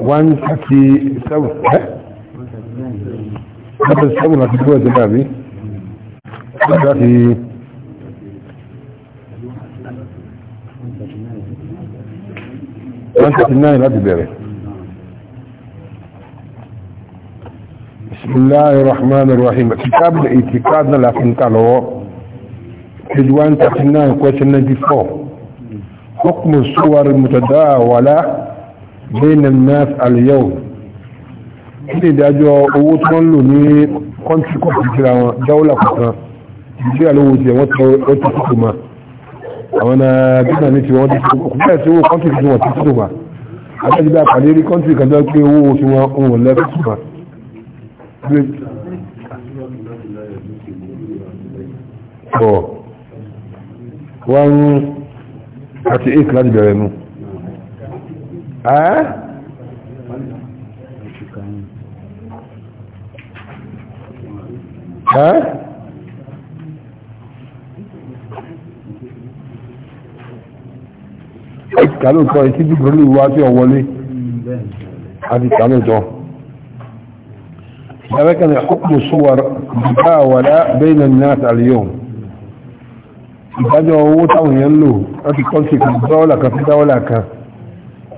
وانت في سوف هذا السؤال بسم الله الرحمن الرحيم كتاب الاتكادنا لكن قالوا تجوان تخنان كويس النجي حكم الصور المتداولة بين الناس اليوم ilé ìdájọ́ owó tí wọ́n lò ní kọ́ntí kọ́ntí síra wọn dáwọ́là kọ̀ọ̀kan ìgbé àlówó tí wọ́n tọ́ ọtí tó ma àwọn na gíga ní tí wọ́n ti kọ́kọ́ bẹ́ẹ̀ tí owó kọ́ntí tí wọ́n ti tó ma adájú bá pàdé rí kọ́ntí kan tó pé owó tí wọ́n ń wọ̀n lẹ́kọ̀ọ́ tó láti bẹ̀rẹ̀ nu ẹ́ ẹ́ ìkàlóòtọ́ ìtí dìbò ní ìwá tí ọ̀wọ́lé àti ìkàlóòtọ́ لكن حكم الصور متداولة بين الناس اليوم ìdájọ́ owó táwọn èèyàn lò láti kọ́ sí ìdọ́ọ̀là kan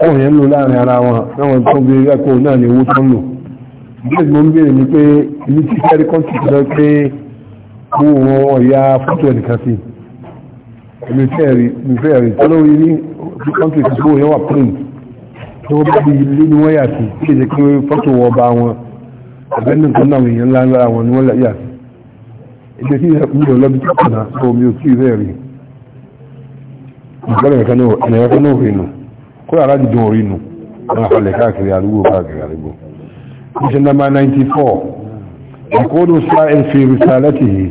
ọ̀rọ̀ yẹn lò láàrin ara wọn láwọn tó ń gbé ẹ̀kọ́ náà ní owó tó ń lò bẹ́ẹ̀ ni mo ń béèrè ni pé ibi tí fẹ́rí kọ́ńtì ti lọ pé owó wọn ọ̀ya fọ́tò ẹnìkan sí èmi fẹ́ẹ̀rí mi fẹ́ẹ̀rí tọ́lọ́wọ́ yìí ní kọ́ńtì ti owó yẹn wà print tí wọ́n bá di ilé ní wọ́n yà sí kí èjì pé fọ́tò wọ́n bá wọn ẹ̀bẹ́ ní nǹkan náà èèyàn ńlá ńlá wọn ni wọ́n yà sí ìgbé tí kúrò aláàjì dùn orí nù wọ́n falẹ̀ káàkiri àdúgbò káàkiri àdúgbò mission number 94 ìkóòdù sáàl fi risalatihi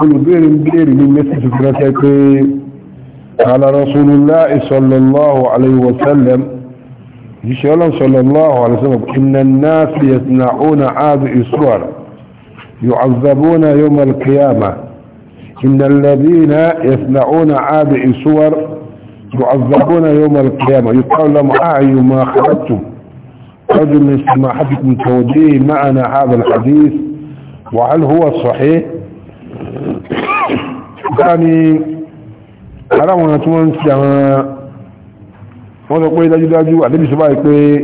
olùbéèrè ń béèrè ní mẹ́sìtì fún ẹsẹ̀ pé ala rasulullah sallallahu alaihi wa sallam jíṣẹ́ ọlọ́n sallallahu alaihi wa sallam inna an-nas yasna'una adu isuwar yu'azzabuna yawm al-qiyamah inna alladhina yasna'una adu isuwar معذبون يوم القيامة يقال لهم أعيوا ما خرجتم رجل من سماحتكم توديه معنا هذا الحديث وهل هو صحيح يعني aláwọn tí wọ́n ń ti àwọn wọ́n sọ pé dájúdájú àdébì sọ báyìí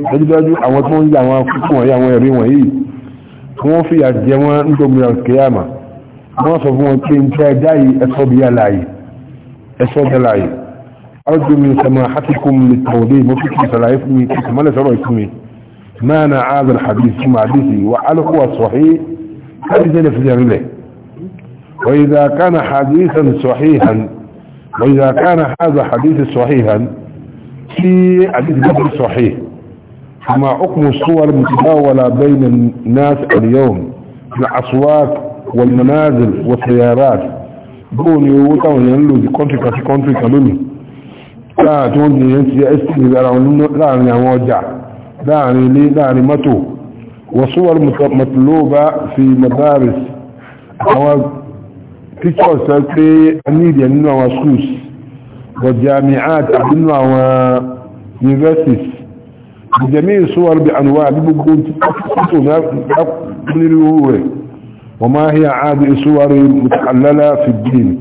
pé dájúdájú àwọn tí wọ́n ń yà àwọn akúkú wọ̀nyí àwọn ẹ̀rí wọ̀nyí tí wọ́n fìyà jẹ wọ́n nítorí alkiyama wọ́n sọ fún wọn pé ń tẹ́ dáyìí ẹ̀sọ́ aláyìí أرجو من سماحتكم للتوضيح وفكري سلايفني كمال ما انا هذا الحديث ثم حديثي وعلى هو الصحيح حديثا في ذلك وإذا كان حديثا صحيحا وإذا كان هذا حديث صحيحا في حديث بدر صحيح فما حكم الصور المتداولة بين الناس اليوم في الأصوات والمنازل والسيارات دون يوتا وينلو دي كونتري كاتي كونتري láàtún ní yẹn ti ẹ́sìtì ara láàrin àwọn ọjà láàrin ilé láàrin mọ́tò wasuwar matloba fi madaris àwọn teachers sọ pé a ní ìdíyẹ nínú àwọn schools wọ jami'at àti nínú àwọn universities jẹ́mí suwar bí ànúwà bí gbogbo tí kọ́tò lápúnirú rẹ̀ wọ́n máa hí àádọ́ suwar mutallala fi dìní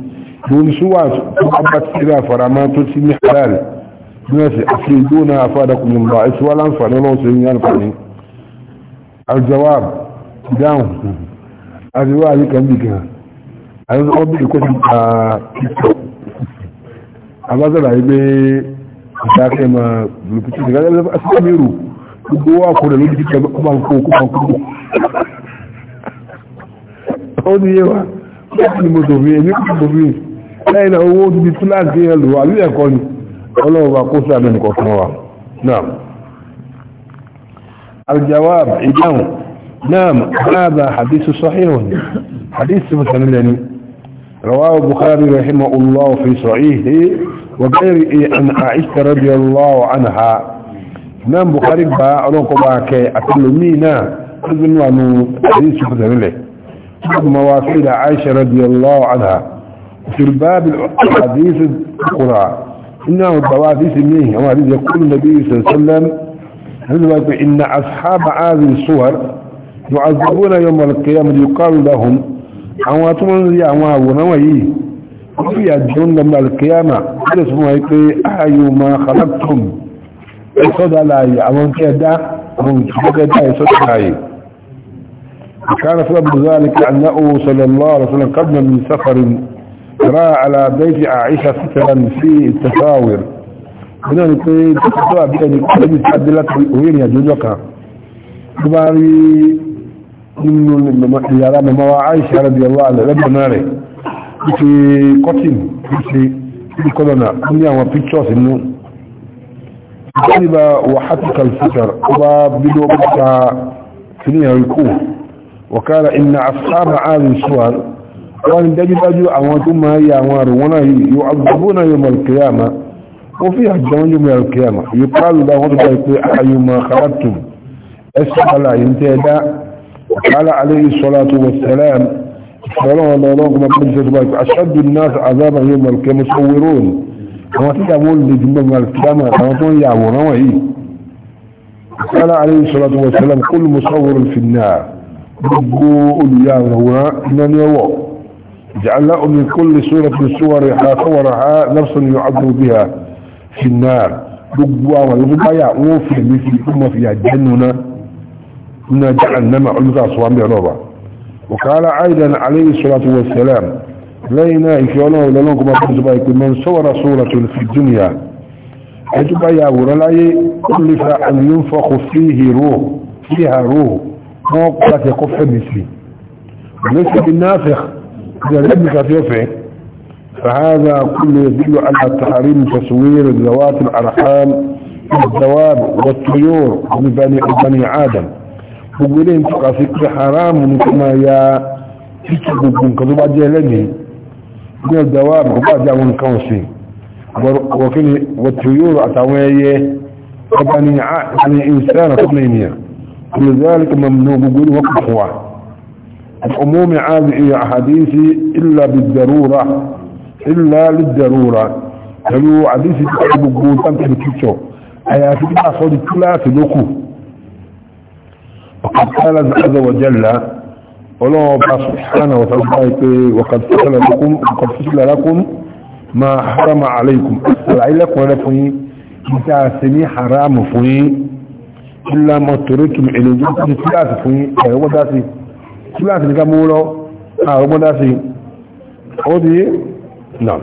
دون سوى محبت إذا فرما تسمي حلال الناس أفيدون أفادكم الله إسوى الأنفع لله سيئان فعلي الجواب داون الجواب كان بك أنا أقول لك abazala ibe ta kai ma lokaci daga da asibar mero gbogbo wa kura lórí kíkẹ kuma ko kuma kuma ó ní yẹwa kí a ti mọ̀ tó fi ẹni kò tó fi lẹ́yìn náà owó ti di túláàsì yẹn lù wá lórí ẹ̀kọ́ ni ọlọ́run bá kó sí àmì nìkan fún wa náà aljawab ìdáhùn náà hàbà hadithu sahihun hadithu musulmi lẹ́ni رواه البخاري رحمه الله في صحيحه وغيره عن عائشة رضي الله عنها نعم بخاري با ألوكو باكي أتلمينا أذن وانو حديث شخص له مواصيل عائشة رضي الله عنها في الباب الحديث القرآن إنه البواديث منه هو حديث يقول النبي صلى الله عليه وسلم إن أصحاب هذه الصور يعذبون يوم القيامة يقال لهم عواتم أواب ويه وفي الجنة من القيامة اسمه يقول أي ما خلقتم يصدى لاي عوان كده عوان كده يصدى لاي وكان سبب ذلك أنه صلى الله عليه وسلم قبل من سفر قراءة على بيت عائشة سترا في التساور هنا نقول تسوى بأن يكون تبدلت وين يا يجوزك تباري من يرى مما عائشة رضي الله عنها لما ناري في قتل في الكولونا كنا وفيتشوس انه جانب وحتك الفجر وبدو بك فيها يكون وكان ان اصحاب هذه السور wọ́n ni dájúdájú àwọn tó máa yà àwọn àrùn wọn náà yóò agbóbó náà yóò mọ̀lùkìyàmá wọ́n fi àjọ wọn yóò mọ̀lùkìyàmá yóò pààlù bá wọ́n tó bá pé àyùmọ̀ kàràtùm ẹsẹ̀ àlà yìí tẹ́ dá kálá alẹ́ ìsọ́lá tó wọ sẹ́lẹ̀m ìsọ́lá wọn lọ́wọ́ kọ́mọ pẹ́lú tó bá pé aṣáájú náà àzábà yóò mọ̀lùkìyàmá sọ wéró ni àwọn tí àwọn olè jùmọ̀ mọ̀lùkìyàmá àwọn tó ń yà àwòrán wọ̀nyí kálá alẹ́ ìsọ́lá tó wọ sẹ́lẹ̀m kó lùmọ̀ sọ́wọ́rọ̀ fi náà gbogbo olùyà àwòrán iná ní ọwọ́ جعلنا من كل سورة من صورها صورها نفسا يعذب بها في النار بقوا والبقايا وفي مثل ثم في الجنة إن جعلنا علمت أصوام بعنوبة وقال عيدا عليه الصلاة والسلام لينا إكيونا ولنكم أبنزبا يكون من صور صورة في الدنيا أجب يا ورلاي كلف أن ينفخ فيه روح فيها روح موقفة قفة مثلي ليس بالنافخ إذا لم في فهذا كله يدل على تحريم تصوير ذوات الأرحام الدواب والطيور من بني آدم وقولين تقاسيك حرام كما يا من كذبا جهلني من الدواب وبعد جاون كونسي وكل والطيور أتوية وبني عادم إنسان كل ولذلك ممنوع بقول وقفوا العموم عاد إلى حديثي إلا بالضرورة إلا للضرورة يلو حديثي تقريب قول تنك بكتو أي أفضل أصول كلا في وقد قال عز وجل ولو سبحانه وتعالى وقد فعل لكم وقد فعل لكم ما حرم عليكم العلق ولفني إنت أسمي حرام فني إلا ما تركم إلي جنة ثلاثة فني هو ذاتي kíláàsì ní ká mú lọ àrùgbọ́dá sí ó ti yé náà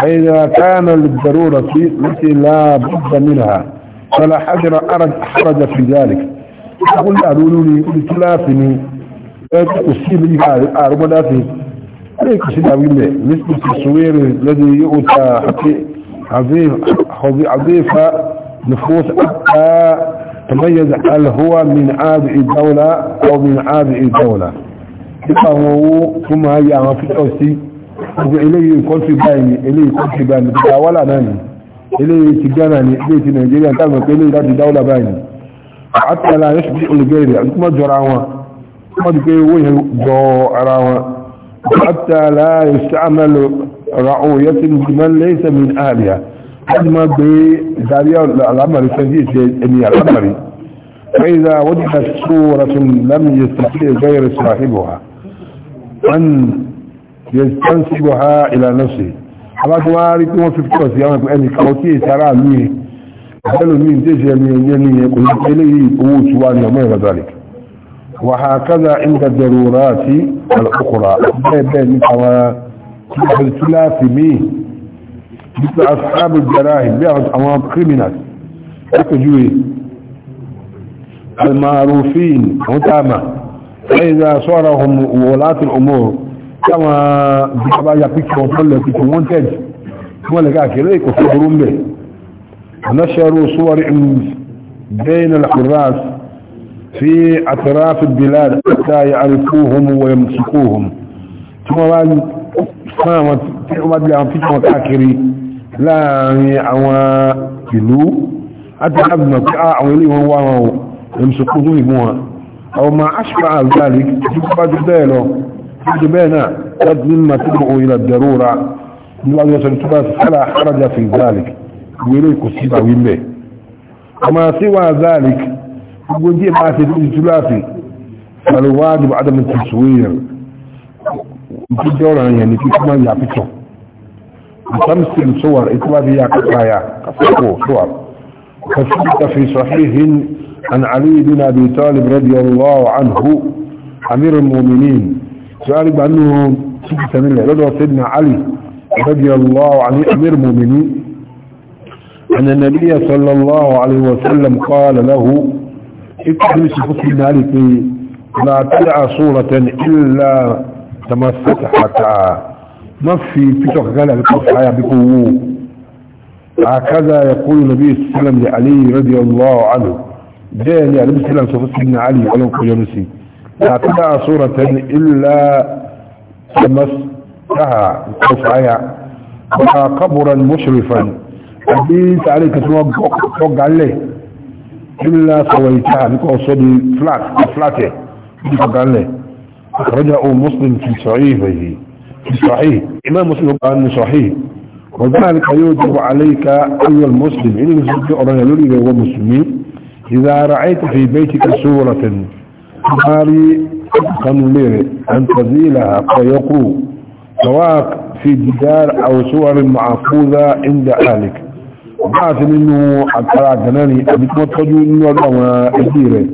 فإذا كان للضرورة التي لا بد منها فلا حجر حرج في ذلك أقول أدولوني قلت لا فيني أصيب لي أعرف ذاتي عليك سيداوي لي نسبة الصوير الذي يؤتى عظيف عظيفة نفوس أبقى تميز هل هو من عاد الدولة أو من عاد الدولة يقاموا ثم هي في الأوسي إليه يكون في بايني إليه يكون في بايني ولا ناني إليه تجاناني إليه تنجيريا تعلم إليه ذات الدولة بايني حتى لا يشبه لغيري ثم جرعوا ثم جرعوا جرعوا حتى لا يستعمل رعوية من ليس من أهلها هذا ما بإدارية العمري إني العمري فإذا وجدت صورة لم يستطيع غير صاحبها أن يستنسبها إلى نفسه حبات وارك وفي الكوس يامك أني كوتي ترى لي قالوا مين تجي من يلي يقول قوت واني وما ذلك وهكذا عند الضرورات الأخرى بين بين كما في الثلاث مين مثل أصحاب الجرائم بيعرض أمام كريمينات أكجوي المعروفين متامة فإذا صورهم ولاة الأمور كما بحبا يبيك وطلع في المنتج كما لك أكليك وصبرون به نشروا صور بين الحراس في أطراف البلاد حتى يعرفوهم ويمسكوهم ثم بعد سنة وما تلعب فيك وتأكري láàrin àwọn ìlú àti àbìmọ̀ pé ah, àwọn ilé wọn wá wọn ò ẹmùsùnkún tó ìbú wọn àwọn ma aṣípa àgbàlì tí kó bá jù bẹ́ẹ̀ lọ tí jù bẹ́ẹ̀ náà láti ní ma tí kò ìlà dẹ̀rọ̀ra níwájú ọ̀sẹ̀ tó bá sára àrájá fi gbàlì wéré kò tí tú láti بخمس صور كفايا كفاية صور فثبت في صحيح عن علي بن أبي طالب رضي الله عنه أمير المؤمنين سؤال بأنه ست من الله سيدنا علي رضي الله عنه أمير المؤمنين أن النبي صلى الله عليه وسلم قال له اتحدث فصل مالك لا تدع صورة إلا تمسك حتى ما في فكرة قال عليك الحياة بقوة هكذا يقول النبي صلى الله عليه وسلم لعلي رضي الله عنه جاء لعلي صلى الله عليه وسلم علي ولو كجنسي لا تدع صورة إلا تمسها الحياة ولا قبرا مشرفا حديث عليك توقع عليه إلا سويتها لك أصدي فلات فلاتة توقع عليه أخرجه مسلم في صعيفه صحيح إمام مسلم قال صحيح وذلك يوجب عليك أيها المسلم إن المسلم أرجلوني هو مسلمين إذا رأيت في بيتك سورة قاري قنولير أن تزيلها فيقو سواء في جدار أو سور محفوظة عند أهلك بعث منه أترى جناني أبيت متخجو إنه أدوى إديري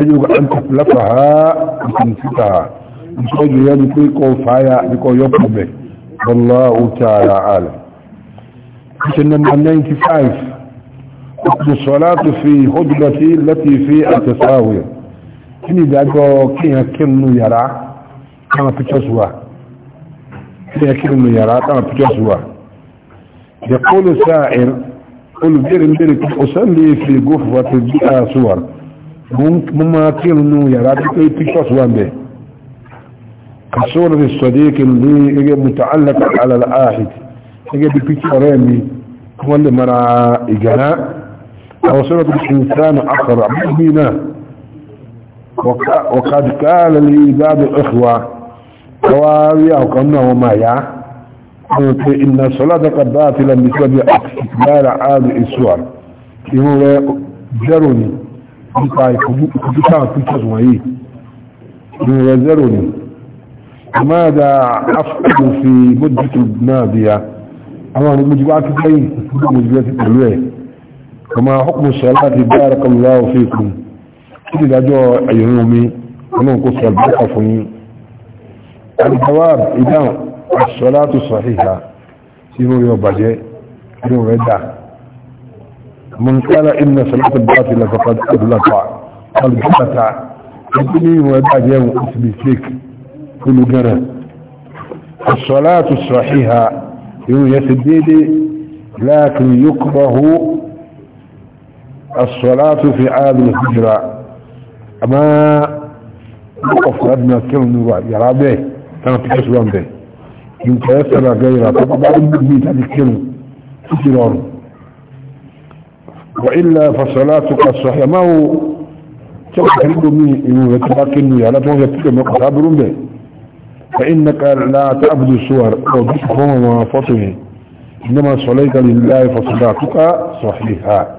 يجب أن تفلفها وتنفتها ìtọ́jú yẹn ni pé kọ́ fàáyà ní kọ́ yọkùn bẹ̀ bọ́lá ó ti àlẹ̀ ṣe nọmba 95 ọkùnrin sọ́lá tó fi hódùbọ̀ sí láti fi àtẹ̀sáwẹ̀ kí ni ìdájọ́ kíyàn kírun yàrá táwọn pictures wà kíyàn kírun yàrá táwọn pictures wà يقول سائر قل بير بير أصلي في غفوة الصور ممكن مما كيرنو يرى بيكي بيكي كصورة الصديق اللي متعلق على العاهد يجي بيكتوريني هو اللي مرعى إجناء أو صورة الإنسان أخر بينا وقد قال لي بعض الإخوة قواريا وكأنه ما يا إن صلاتك باطلا بسبب استكبار عاد الصور يقول جرني يقول جرني يقول جرني ماذا أفقد في مدة الماضية أما المجموعات الجاية مجموعات الألوية وما حكم الصلاة بارك الله فيكم إذا جاء يومي ونحن قصر البركة فيه الجواب إذا الصلاة الصحيحة يوم يوبجي يوم يدع من قال إن صلاة الباطلة فقد أدلت قال بحثة يقول لي ويدع جاء أثبت فلقرة الصلاة الصحيحة يسديد لكن يكره الصلاة في عاد الهجرة أما وقف أدنى كلمة يرى به كان في كسوان به إن تيسر غيره طبعا المبيت هذه الكلمة تجرار وإلا فصلاتك الصحيحة ما هو تبقى تريد منه إنه يتبقى كنه يا لا تبقى كنه يتبقى به فإنك لا تعبد الصور أو تفهم وفطه إنما صليت لله فصداتك صحيحا صحيحة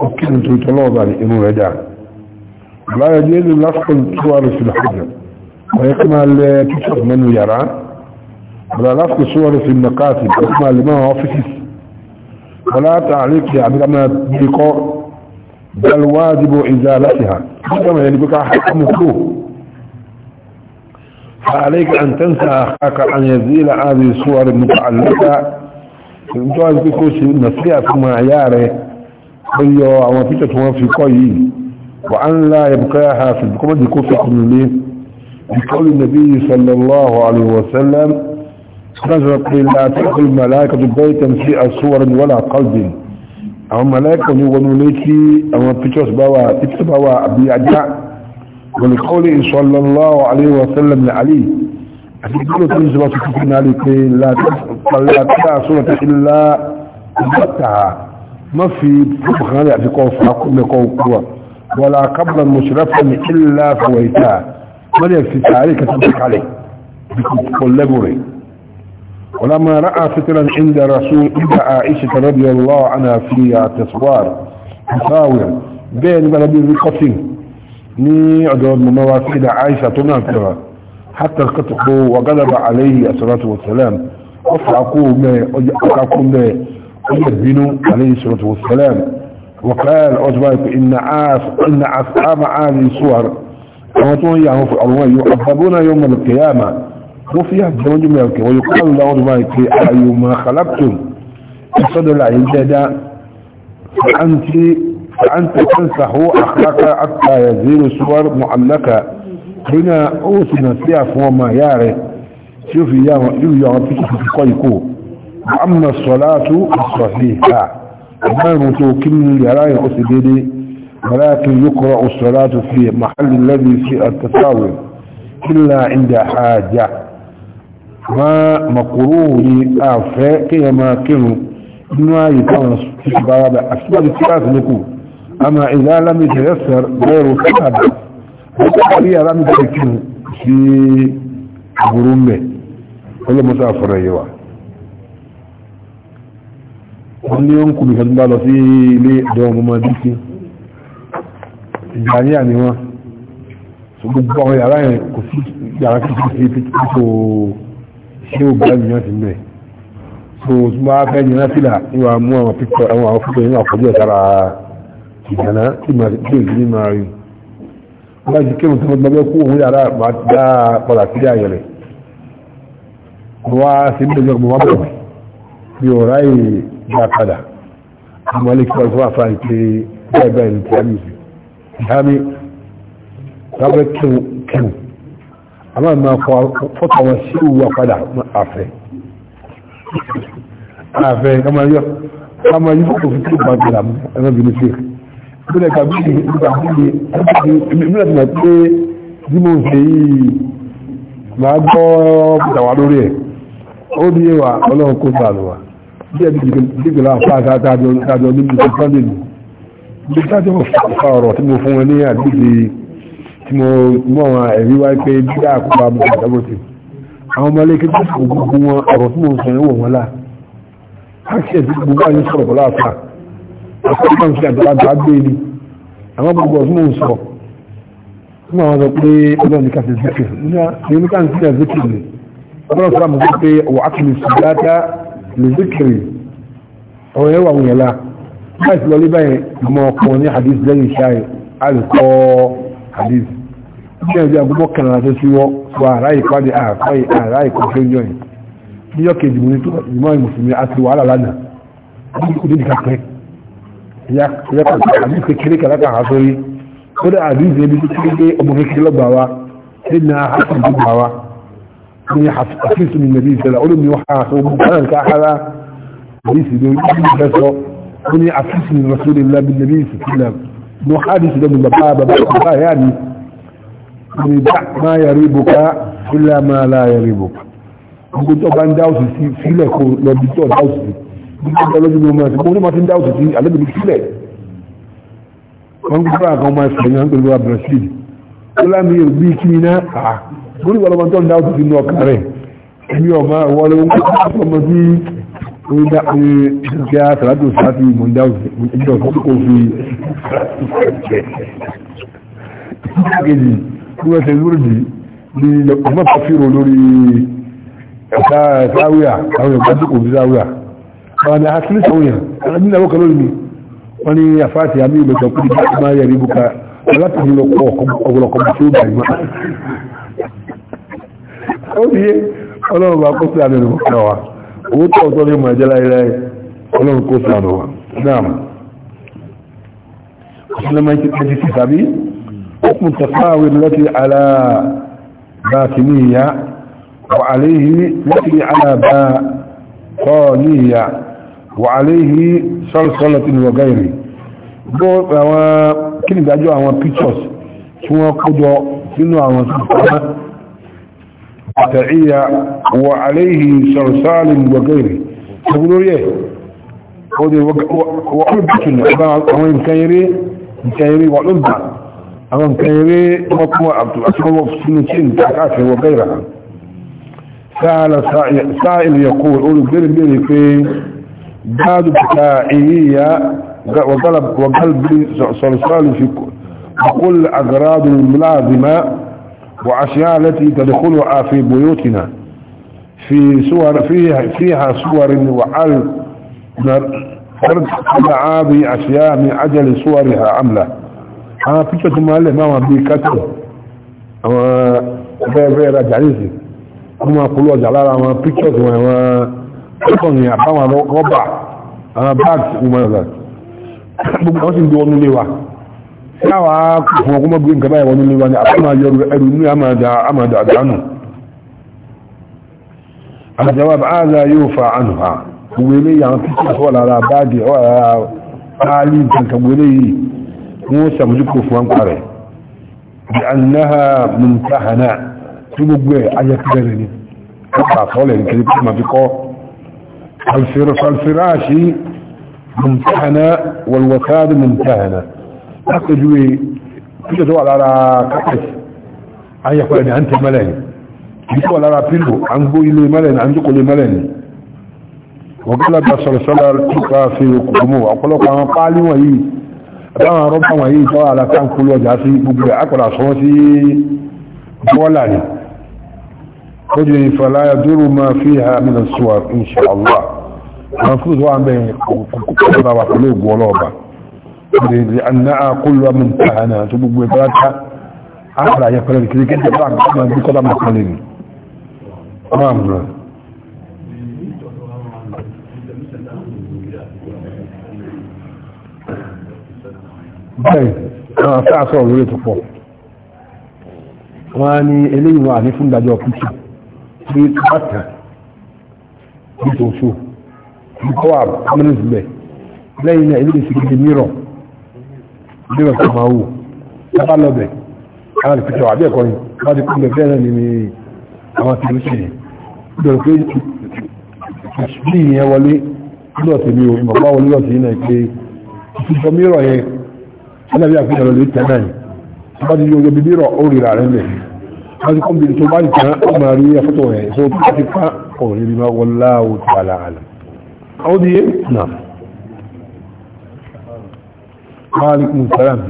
وكل تتلوض ذلك إنه هدى لا يجيز لفق الصور في الحجر ويكمل تشف من يرى ولا لفق الصور في المقاتل ويكمل لما هو فكس ولا تعليق يعمل أما تبقى بل واجب إزالتها كما يلي بك حكم فيه فعليك أن تنسى أخاك أن يزيل هذه الصور المتعلقة إن توازك كوشي نصيحة معياري أيوة وما فيك في قوي وأن لا يبقاها في البقمة كوشي كل الليل بقول النبي صلى الله عليه وسلم نجرق لا تقل ملائكة بيتا في الصور ولا قلب أو ملائكة ونوليكي أو فيك سباوة فيك سباوة بيعجاء ولقوله صلى الله عليه وسلم لعلي أتقول تنزل سكتنا لك لا تدع سورة إلا أبتها ما في فبخنا لأتي قوف حكم قوة ولا قبلا مشرفا إلا فويتها من في تعالي كتبك عليه بكل ولما رأى فترا عند رسول إبا عائشة رضي الله عنها في تصوار مساوية بين بلدين القصيم ني عدود مموا سيدة عائشة تنافرها حتى القطق وقلب عليه الصلاة والسلام أفعقوا ما أفعقوا ما يبينوا عليه الصلاة والسلام وقال أصبحت إن عاص إن أصحاب عالي صور ومتون يعني في الأرواح يعذبون يوم القيامة وفي هذا جميعك ويقال لأصبحت أيما خلقتم أصد العيدة أنت فأنت تنسح أخلاق حتى يزيل صور معلقة هنا أوسنا سياف وما يعرف شوف يا ربك في قيكو وأما الصلاة الصحيحة ما المتوكل يراي أسديني ولكن يقرأ الصلاة في محل الذي في التساوي إلا عند حاجة ما مقروه أعفاء كما كانوا إنه يتوانس في البرابة أسباب الثلاث نقول أما إذا لم يتيسر غير صعب الطريقة لم تكن في غرومه ولا مسافر أيوة wọ́n ní ó ń kú nìkan bá lọ sí ilé ìdọ́ ọmọ ọmọ díkí ìgbà ní àní wọn so gbogbo àwọn yàrá yẹn kò sí yàrá títí sí pípò ṣé ò bá ènìyàn sí mẹ́ so tí wọ́n á fẹ́ yẹn náà fìlà ní wàá mú àwọn pípọ̀ àwọn àwọn fúnpẹ̀ yẹn àkọ́jọ́ sára ìdáná tí màá gbé ìlú ní máa rí wọ́n láti kírun tí wọ́n gbọ́ kú òun yàrá máa dá padà sí àyẹ̀rẹ̀ wọ́n wá sí ilé ìjọba wọn bọ̀ bí ọ̀rá yìí dá padà àwọn alẹ́kọ̀ọ́ fún àfáàní pé bẹ́ẹ̀ bẹ́ẹ̀ ní ti àmì ìdámi lábẹ́ kírun àwọn àmà fọ́tọ̀ wọn sí ìwà padà àfẹ́ àfẹ́ kama yọ kama yọ kò fi kí ìbàdàn ẹ̀rọ bìnrin fèrè bílẹ̀ kàbí nípa àbúlé ìbílẹ̀ tí wọ́n pé bí mo ṣe yìí máa gbọ́ pàtàwà lórí ẹ̀ ó ní ẹwà ọlọ́run kó sàlùwà bí ẹbí dìgbìlá àfáàsá tàjọ nínú ìṣẹ́ sunday nù bí tájọ́ fa ọ̀rọ̀ tí mo fún ẹ ní àdúgbò tí mo mọ̀ wọn ẹ̀rí wáyé pé bí àkóbá mo kà dábòtì àwọn ọmọ ilé kékeré gbogbo wọn ọ̀rọ̀ tí mo sọ ẹ̀ wọ̀ wọn lá àkọ́kọ́ sí àgbàlagbà gbé ni àwọn gbogbo ọdún mò ń sọ fún àwọn ọ̀dọ́ pé ọlọ́run ní ká ṣe zikir ní ní ká ń sílẹ̀ zikir ni ọlọ́run sọ́ra mọ̀ sí pé ọ̀wọ́ akíni sùgbàtà lè zikiri ọ̀rọ̀ yẹn wà wọ̀nyẹn la báyìí ti lọlé báyìí mọ̀ ọkọ̀ ní hadith lẹ́yìn ṣáà alùkọ́ hadith ní ẹ̀jẹ̀ agbọ́bọ̀ kẹrànlá tó sí wọ́ wà ráyì pàdé àkọ́yì àráyì kò fẹ́ yọ̀yìn ní yọ́kejì mú ní tó ìmọ̀ ìmùsùlùmí àti wàhálà lánàá ní ìdíkàpẹ́ àbí kékeré kan lákàá sórí ó dá àbí ìzẹ́bí kékeré ọmọ kékeré lọ́gbà wa ṣé na hasan tó gbà wa ní àfihàn ní nàbí ìṣẹ̀lẹ̀ olómi wà á sọ ọmọ kan ká ara àbí ìṣẹ̀lẹ̀ olómi fẹ́ sọ ó ní àfihàn ní rasulẹ̀ lábí nàbí ìṣẹ̀lẹ̀ mo hádìí ṣẹlẹ̀ mi bàbá bàbá bàbá yá mi ni dá máa yàrí ibùká sílẹ̀ máa láà yàrí ibùká. Gbogbo tó bá ń dáhùn sí sílẹ̀ kó lọ bí gbogbo ọlọ́dún ní ọmọ ẹ̀sìn mo ní ma ti ń dáwọ̀ sí alẹ́ mi sílẹ̀ wọ́n ń gbọ́dọ̀ àkàn ọmọ ẹ̀sìn ẹ̀yàn pẹ̀lú abdulrasheed ó láàmì yóò bí kí ni ná à mo ní ìwọlọmọ tó ń dáwọ̀ sí inú ọkà rẹ̀ èmi ọmọ ìwọlọ ọmọ tí orí dá pé kí á sàrátò sáfì mo ń dáwọ̀ sí ẹjọ́ tó kò fi kejì bí wọ́n ṣe lórí ọmọ pàfihàn lórí wani hasili sauya alhamdulillah wọ́n kalori ni wọ́n ni ya fati àmì ìlọ́tọ̀ kúrò bí i máa yẹ̀rí buka alátàrí ọgbọ̀lọ̀kọ̀bù tó bá ìgbà ó bí ọlọ́run bá kó sílẹ̀ nínú kọwa owó tó ọ̀tọ́ ní màá jẹ́lá ilẹ̀ ọlọ́run kó sílẹ̀ nínú náà ọ̀sánlẹ́mọ̀ ikẹ́ kẹjì sí tàbí ókùn tàfáàwé lọ́tí alábàákìníyà wà àléyìí lọ́tí alábàákọ́níyà وعليه صلصلة وغيره kí ni ìdájọ́ àwọn pictures tí wọ́n kójọ nínú àwọn sọ́pàá àtàríyà wà aléhì sọ̀rọ̀sáàlì gbogbo ṣogun lórí ẹ̀ ó dé wọ́n bìtùn àwọn nǹkan eré nǹkan eré wà ló بعد بكائية وقلب وقلب صلصال في كل أغراض الملازمة وأشياء التي تدخلها في بيوتنا في صور فيها فيها صور وعل فرد بأشياء من أجل صورها عملة أنا كنت تمالي ما بيكتب أما بيه غير راجع ليسي أما قلوا جلالا أما بيكتب ọkùnrin àbáwọn rọ́bà àwọn bags a gbogbo àwọn sì ń gbé wọn nílé wa láwà fún ọkùnmọ́ gbé nǹkan báyìí wọn nílé wa ni àbáwọn ayọ ẹrù ní àmàdà àdánù yóò fa ha gbogbo ilé yàn títí فالفراش ممتهنة والوساد ممتهنة أكجوي كل دول على كأس أن يقول يعني أنت ملايين يقول على بيلو عنقو إلي ملايين عنقو إلي ملايين وقال الله صلى الله عليه وسلم في قدمه وقال الله قال وهي dáwọn ربما yìí على àlàkà كل وجهة lọ jà sí gbogbo àkọ̀lá خذي فلا يدر ما فيها من الصور إن شاء الله منفوذ عن بين قدر وقلوب ولوبة لأنها كل من تهنا تبقى بلاتها أحلى يقول لك لك أنت بعد ما بقدر مقلين تمام bẹ́ẹ̀ àwọn afẹ́ àṣọ òwúrẹ́ tó pọ̀ wọ́n á ní eléyìí wà ní fún ìdájọ́ kìtì bí pátá bí tòṣù bí kọ́wà permanent bẹ̀ lẹ́yìn náà ilé ìsìnkú di mìíràn bí wọ́n kọ́ máa wù lábá lọ́bẹ̀ àwọn ìpìtọ̀ àbí ẹ̀kọ́ ni wọ́n ti kúndẹ̀ bẹ́ẹ̀ náà ni àwọn ti lóṣè yẹn lọ́rọ̀ pé bí ìyẹn wọlé lọ́ọ̀tì mi ò ìmọ̀pá wọlé lọ́ọ̀tì yìí náà pé هذه قم بالتوبان كان ماريا فتوه صوت كتبها قول لما والله تعالى أعلم عودي إيه؟ نعم وعليكم السلام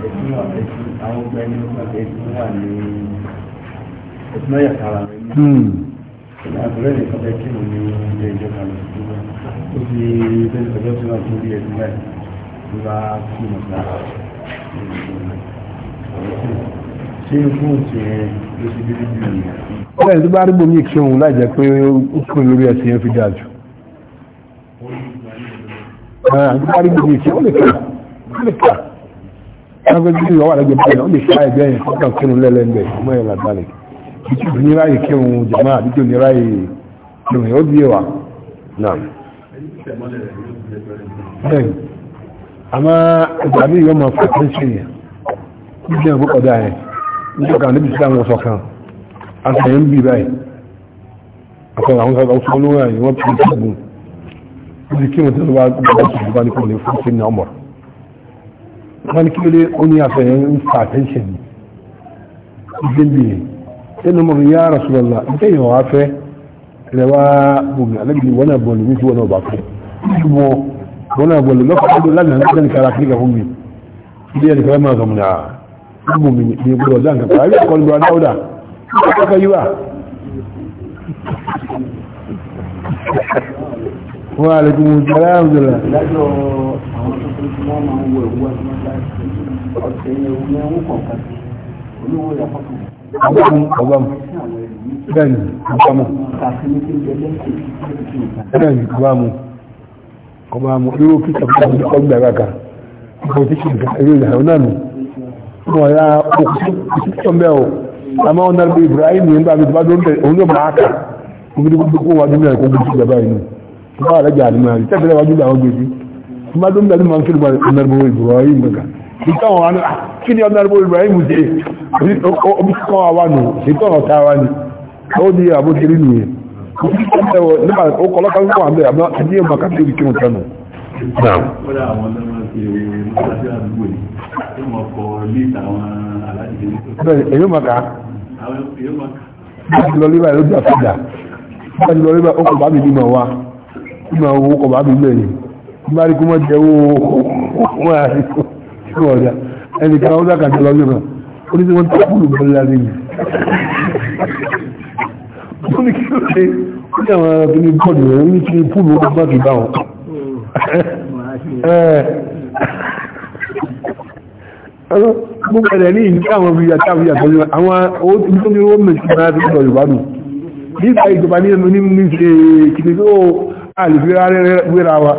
Àwọn ọgbẹ́ni ọgbẹ́ni wà ní ẹ̀sùn mẹ́yà tààrà rẹ̀. àbúrẹ́ nìkan fẹ́ kí mo ní ilé ìjọba lọ sí wọn ó fi bẹ́ẹ̀ tọ́jọ́ tí wọ́n tún rí ẹni náà ló bá kí mo gbà ṣé fún òtún yẹn ló ṣe dédé bí mi. ọ̀rẹ́ tó bá rí bomi ìkí òun láì jẹ́ pé ó kúrò lórí ẹsẹ̀ yẹn fi dáa jù. tó bá rí bomi ìkí ó lè kà ó lè kà. wọ́n fẹ́ bí ìyọ̀wọ́ àlejò báyìí ó lè ṣá ẹgbẹ́ yẹn kó kàn lẹ́lẹ́gbẹ̀ẹ́ ọmọ yẹn làgbàlẹ̀ ìtìbù ní ráyè kírun jàmá àdíjò ní ráyè kírun ó díẹ̀ wà náà bẹ́ẹ̀ àmá ẹgbà mí yọ máa fàtí ṣe yẹn ní jẹ́ ọgbọ́ ọ̀dá yẹn ní ọkà níbi sí àwọn ọ̀sọ̀ kan àtàyẹ̀ ń bì báyìí àtàyẹ̀ àwọn ọ̀sọ̀ ọ̀sọ̀ olóra sínú mọ̀ ya rasulọ́lá ǹkẹ́ yìí wàá fẹ́ rẹwà bùnmi alábìlì wọn náà bọ̀lù nítorí wọn náà bá fẹ́ mọ wọn náà bọ̀lù lọ́kọ̀ ọdún lánàá ní sẹ́ni kára kíríkà fún mi ilé ẹni kẹfẹ́ máa sọmọ náà wọn bùnmi ní gbọdọ̀ ọ̀dà nǹkan kan ayé ẹ̀kọ́ ní bọ̀dọ̀ dáwọ́dà ọkọ̀ yìí wọ́n á lè kún un sọ́lá àwùjọ́lá. lájọ́ àwọn tó tó tí wọ́n máa ń wọ ìwú àti ọgbọ́n ọgbọ́n bẹ́ẹ̀ni ọgbọ́mù bẹ́ẹ̀ni ọgbọ́mù ọgbọ́mù irú kíkà fún ọgbà ẹ̀ráka ọgbọ́n tí kìí irú ìyá ọ̀nà nù wọ́n ya òkú tó mẹ́ o àmọ́ ọ̀nà bí Ibrahim yẹn bá mi tó bá dó ń bẹ̀ òun yóò máa kà omi ní gbogbo kó wájú mẹ́rin kó gbogbo ti gbàgbà yìí tó bá rẹ̀ jà àti tẹ́gbẹ̀rẹ̀ wájú mẹ́rin àwọn gbèsè ìtọ́wọ̀n wánú ah, kí ni ọmọ Ibrahim ṣe obìsíkọ́ àwánù ìtọ́wọ̀n ọ̀tá wá ní ó ní àbójúrí nù yẹn ó kọlọ́kọ́ wọ́n àmì àmì àmì àmì àkàtí ìrìkí wọn tánù èyí maka láti lọ lébà lójú àfẹ́dà láti lọ lébà ọkọ̀ bá mi ní ma wá ìmọ̀ owó ọkọ̀ bá mi lẹ́yìn bá rí kó mọ́ jẹ́ owó wọ́n àríkò ọ̀dà ẹni kan ó dákà jọ lọ́jọ́ náà ó ní tí wọ́n tẹ́ fúlù bọ́lá ní mi ó ní kí ló dé ó ní àwọn akíní bọ́ọ̀dù rẹ̀ ó ní kí fúlù ó bá ti bá wọn mo bẹ̀rẹ̀ ní ìdí àwọn ìyá ìyá tọ́jú àwọn owó tí ní owó mẹ́sì náà ti sọ Yorùbá nígbà ìjọba ní ẹnu ní ní ṣe kìtì tó àlùfẹ́ rárẹ́rẹ́ wéra wa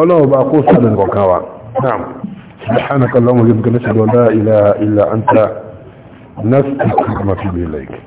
ọlọ́ọ̀bá kó sọ̀dọ̀ nìkan wa سبحانك اللهم وبحمدك نشهد ان لا اله الا انت نستغفرك ونتوب اليك